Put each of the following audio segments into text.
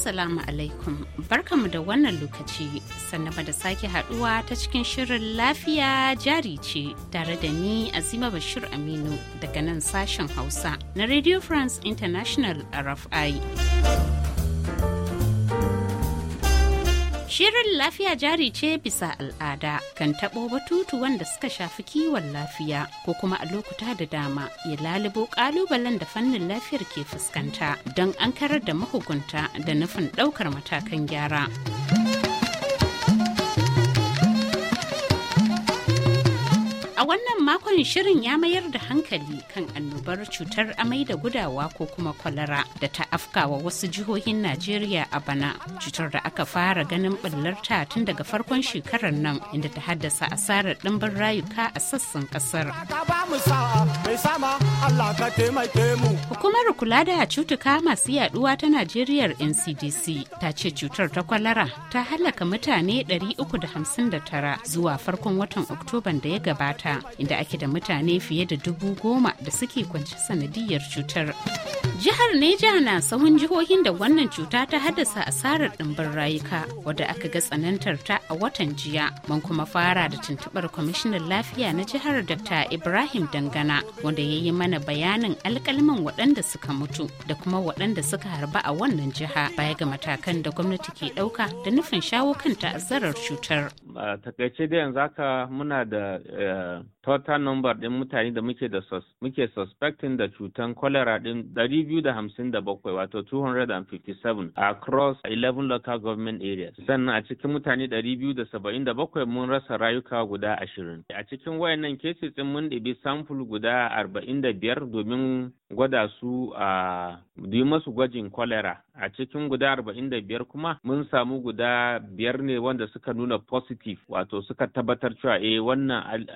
Assalamu alaikum barkamu da wannan lokaci sannan da sake haduwa ta cikin shirin lafiya jari ce tare da ni Azima Bashir Aminu daga nan sashen Hausa na Radio France International RFI. Shirin lafiya jari ce bisa al'ada kan taɓo batutu wanda suka shafi kiwon lafiya ko kuma a lokuta da dama ya lalubo ƙalubalen da fannin lafiyar ke fuskanta don an karar da mahukunta da nufin ɗaukar matakan gyara. A wannan makon shirin ya mayar da hankali kan annobar cutar amai da gudawa ko kuma kwalara da ta afkawa wasu jihohin Najeriya a bana. Cutar da aka fara ganin ɓullarta tun daga farkon shekarar nan inda ta haddasa asarar ɗimbin rayuka a sassan ƙasar. Hukumar kula da cutuka masu yaduwa ta Najeriya NCDC ta ce cutar ta kwalara ta halaka mutane 359 zuwa farkon watan Oktoban da ya gabata. inda ake da mutane fiye da dubu goma da suke kwanci sanadiyar cutar. Jihar Neja na sahun jihohin da wannan cuta ta haddasa asarar ɗimbin rayuka wadda aka ga tsanantar ta a watan jiya. man kuma fara da tuntuɓar kwamishinan lafiya na jihar Dr. Ibrahim Dangana wanda ya yi mana bayanin alkalman waɗanda suka mutu da kuma waɗanda suka harba a wannan jiha baya ga matakan da gwamnati ke ɗauka da nufin shawo kan ta'azzarar cutar. takaice yanzu eh, total number ɗin mutane da muke da muke suspecting da cutan cholera ɗin 257 wato 257 across 11 local government areas sannan a cikin mutane 277 mun rasa rayuka guda 20 a cikin wayannan cases ɗin mun ɗibi sample guda 45 domin gwada su a yi masu gwajin kwalera a cikin guda 45 kuma mun samu guda biyar ne wanda suka nuna positive wato suka tabbatar cewa eh wannan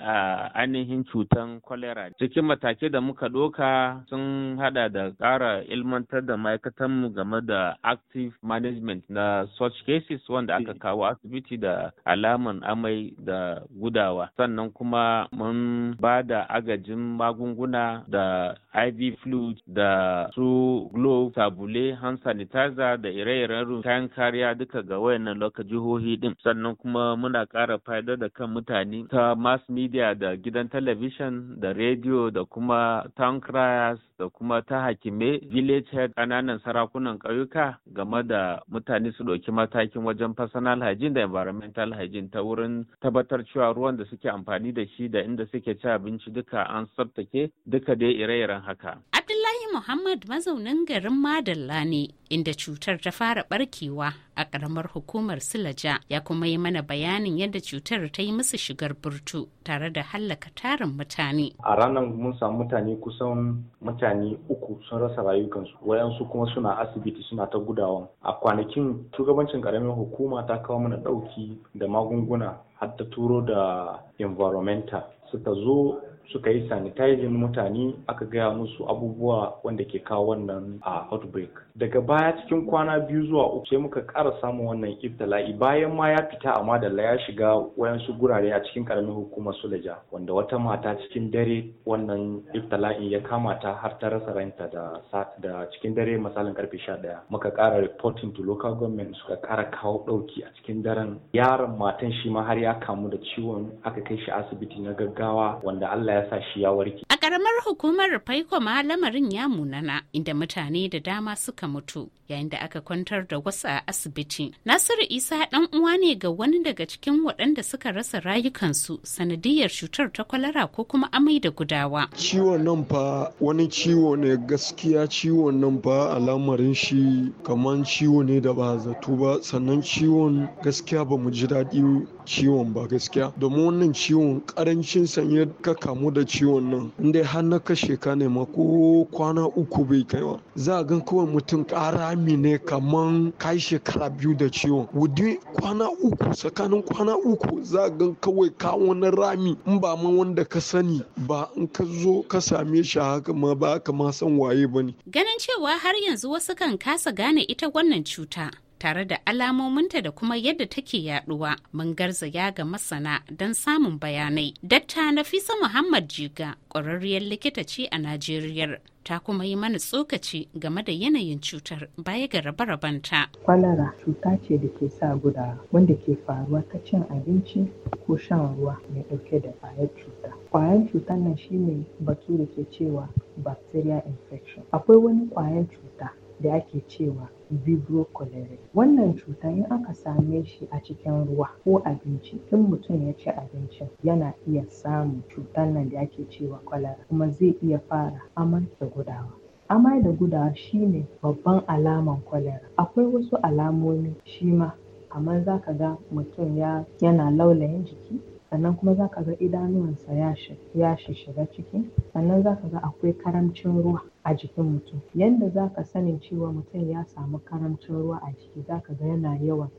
ainihin cutan kwalera cikin matake da muka doka sun hada da ƙara ilmantar da ma'aikatanmu game da active management na such cases wanda aka eh. kawo asibiti da alaman amai da gudawa sannan kuma mun ba da agajin magunguna da iv flute da su glove sabule hand sanitizer da ire-iren kayan kariya duka ga wayannan loka jihohi din sannan kuma muna ƙara fa'idar da kan mutane ta mass media da gidan television, da rediyo da kuma town criers da kuma ta hakime village head ƙananan sarakunan ƙauyuka game da mutane su ɗauki matakin wajen personal hygiene da environmental hygiene ta wurin tabbatar cewa ruwan da suke amfani da shi da inda suke ci abinci duka an tsabtake duka dai ire-iren haka. Abdullahi Muhammad mazaunin garin Madalla ne inda cutar ta fara barkewa a karamar hukumar Silaja ya kuma yi mana bayanin yadda cutar ta yi musu shigar burtu tare da hallaka tarin mutane. A ranar mun samu mutane kusan mutane uku sun rasa rayukansu wayansu kuma suna asibiti suna ta gudawa. A kwanakin shugabancin ƙaramin hukuma ta kawo mana ɗauki da magunguna har ta turo da environmental suka zo suka yi sanitizing mutane aka gaya musu abubuwa wanda ke kawo wannan a ah, outbreak daga baya cikin kwana biyu zuwa uku sai muka ƙara samun wannan iftila'i bayan ma ya fita amma madalla ya shiga wayansu gurare a cikin ƙaramin hukumar Suleja, wanda wata mata cikin dare wannan iftila'in ya kama ta har ta rasa ranta da da cikin dare misalin karfe sha ɗaya. muka ƙara reporting to local government suka ƙara kawo ɗauki a cikin daren yaron matan shi ma har ya kamu da ciwon aka kai shi asibiti na gaggawa wanda Allah ya sa shi ya warke karamar hukumar faiko ma lamarin ya munana inda mutane da dama suka mutu yayin da aka kwantar da wasu a asibiti nasiru isa dan uwa ne ga wani daga cikin waɗanda suka rasa rayukansu sanadiyar cutar ta kwalara ko kuma amai da gudawa ciwon nan fa wani ciwo ne gaskiya ciwon nan fa alamarin shi kamar ciwo ne da ba zato ba sannan ciwon gaskiya ba mu ji daɗi ciwon ba gaskiya domin wannan ciwon karancin sanye ka kamu da ciwon nan inda har na kashe ka ne ma ko kwana uku bai kai ba za a gan kawai mutum karami ne kaman kai shekara biyu da ciwon wudi kwana uku tsakanin kwana uku za a gan kawai ka wani rami in ba ma wanda ka sani ba in ka zo ka same shi haka ma ba ka ma san waye ba ne ganin cewa har yanzu wasu kan kasa gane ita wannan cuta tare da alamominta da kuma yadda take yaduwa mun garzaya ga masana don samun bayanai. Datta Nafisa Muhammad Jiga ƙwararriyar likita ce a Najeriya. ta kuma yi mana tsokaci game da yanayin cutar baya ga rabe-rabenta. Kwalara cuta ce da ke sa guda wanda ke faruwa ta cin abinci ko shan ruwa mai ɗauke da ƙwayar cuta. Ƙwayar cutar nan shine batu da ke cewa bacteria infection. Akwai wani ƙwayar cuta da ake cewa Vibrio cholerae. Wannan cuta in aka same shi a cikin ruwa ko abinci in mutum ya ci abincin yana iya samun cutar nan da ake cewa cholera kuma zai iya fara amai da gudawa. Amai da gudawa shi ne babban alaman cholera. Akwai wasu alamomi shima kamar za ka ga mutum ya yana laulayin jiki sannan kuma za ka ga idanuwansa ya shiga ciki sannan za ka ga akwai karamcin ruwa a jikin mutum yanda za ka sanin cewa mutum ya samu karamcin ruwa a jiki za ka ga yana yawan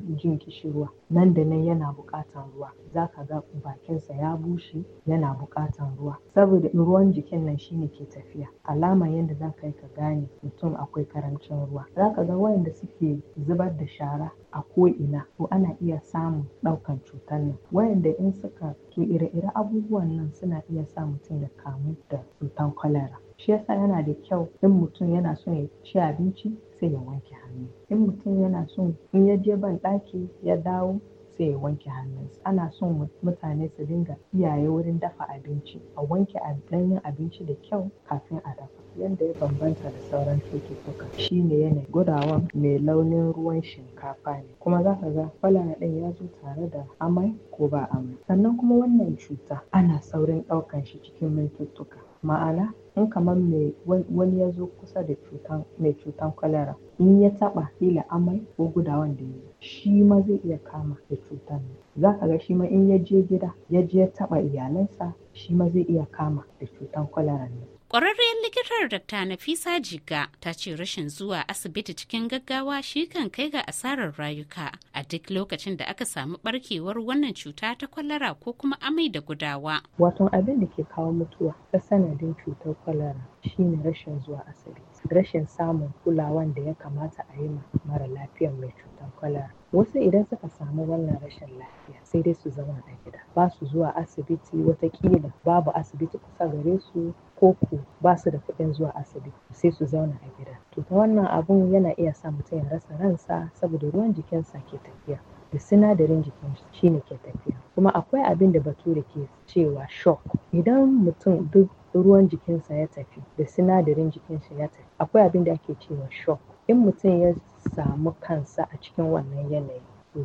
jin kishirwa nan da nan yana buƙatan ruwa za ka ga bakinsa ya bushe yana buƙatan ruwa saboda ruwan jikin nan shine ke tafiya alama yadda za ka yi ka gane mutum akwai karancin ruwa za ka ga wayanda suke zubar da shara a ko'ina to ana iya samun ɗaukan cutar nan wayanda in suka to ire-ire abubuwan nan suna iya sa mutum ya kamu da cutar kwalara shi yasa yana da kyau in mutum yana son ya ci abinci sai ya wanke hannu in mutum yana son in ya je ban ɗaki ya dawo sai ya wanke hannunsa ana son mutane su dinga iyaye wurin dafa abinci a wanke ɗanyen abinci da kyau kafin a dafa Yanda ya bambanta da sauran cututtuka shine yanayin Gudawan mai launin ruwan shinkafa ne kuma za ka ga kwalara ɗin ya zo tare da amai ko ba amai. Sannan kuma wannan cuta ana saurin ɗaukan shi cikin mintuttuka. Ma'ana in kamar mai wani ya zo kusa da cutan mai cutan kwalara in ya taɓa kila amai ko gudawan da ya yi shi ma zai iya kama da cutan za ka ga shi ma in ya je gida ya je ya taɓa iyalansa shi ma zai iya kama da cutan kwalara nan. kwararriyar likitar Dr. Nafisa Jiga ta ce rashin zuwa asibiti cikin gaggawa shi kan kai ga asarar rayuka a duk lokacin da aka samu barkewar wannan cuta ta kwalara ko kuma amai da gudawa. Wato abin da ke kawo mutuwa ta sanadin cutar kwalara shine rashin zuwa asibiti. rashin samun kulawan da ya kamata a yi ma mara lafiyan mai cutar kwalara wasu idan suka samu wannan rashin lafiya sai dai su zauna a gida ba su zuwa asibiti watakila babu asibiti kusa gare su ko ku ba su da kuɗin zuwa asibiti sai su zauna a gida to ta wannan abun yana iya sa mutum ya rasa ransa saboda ruwan jikinsa ke tafiya da sinadarin jikin shi ne ke tafiya kuma akwai abin da bature ke cewa shock idan mutum duk ruwan jikinsa ya tafi da sinadarin jikinsa ya tafi akwai abin da ake cewa shock in mutum ya samu kansa a cikin wannan yanayi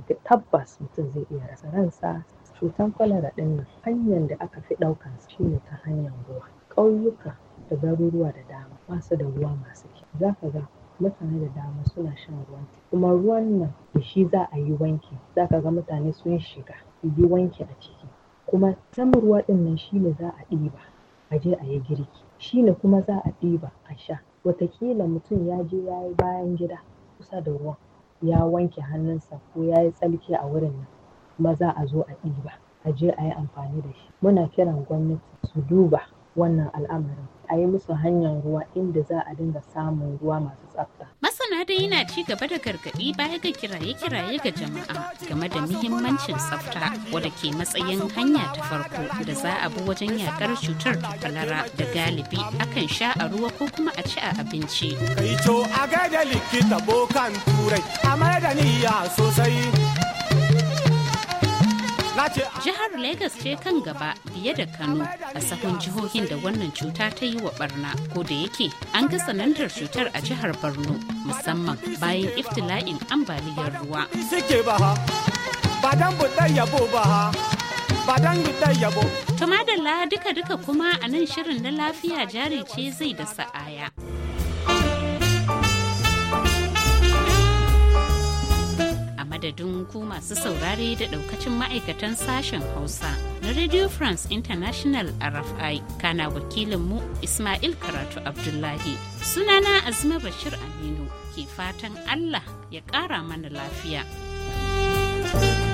to tabbas mutum zai iya rasa ransa cutan kwalara ɗin nan hanyar da aka fi ɗaukan shi ne ta hanyar ruwa ƙauyuka da garuruwa da dama ba su da ruwa masu kyau za ka ga mutane da dama suna shan ruwan kuma ruwan nan da shi za a yi wanki za ka ga mutane sun shiga su yi wanki a ciki kuma san ruwa ɗin nan shi ne za a ɗiba a je a yi girki shi ne kuma za a ɗiba a sha wataƙila mutum ya je ya yi bayan gida kusa da ruwan ya wanke hannunsa ko ya yi tsalki a wurin nan kuma za a zo a ɗiba a je a yi amfani da shi muna kiran gwamnati su duba wannan al'amarin a yi musu hanyar ruwa inda za a dinga samun ruwa masu tsafta. Masana dai yana ci gaba da gargaɗi baya ga kiraye-kiraye ga jama'a game da muhimmancin tsafta wadda ke matsayin hanya ta farko da za a bi wajen yakar cutar ta kwalara da galibi akan sha a ruwa ko kuma a ci a abinci. Kai to a gaida likita bokan turai a sosai. Jihar Legas ce kan gaba biye da Kano a sahun jihohin da wannan cuta ta yi wa barna ko da yake an ga sanantar cutar a jihar Borno musamman bayan iftila'in ambaliyar ruwa. Ba duka-duka kuma a nan shirin na lafiya jari ce zai da sa'aya. madadin ku masu saurari da daukacin ma'aikatan sashen Hausa na Radio France International RFI kana wakilinmu Ismail Karatu Abdullahi. Sunana Azma Bashir Aminu ke fatan Allah ya ƙara mana lafiya. thank you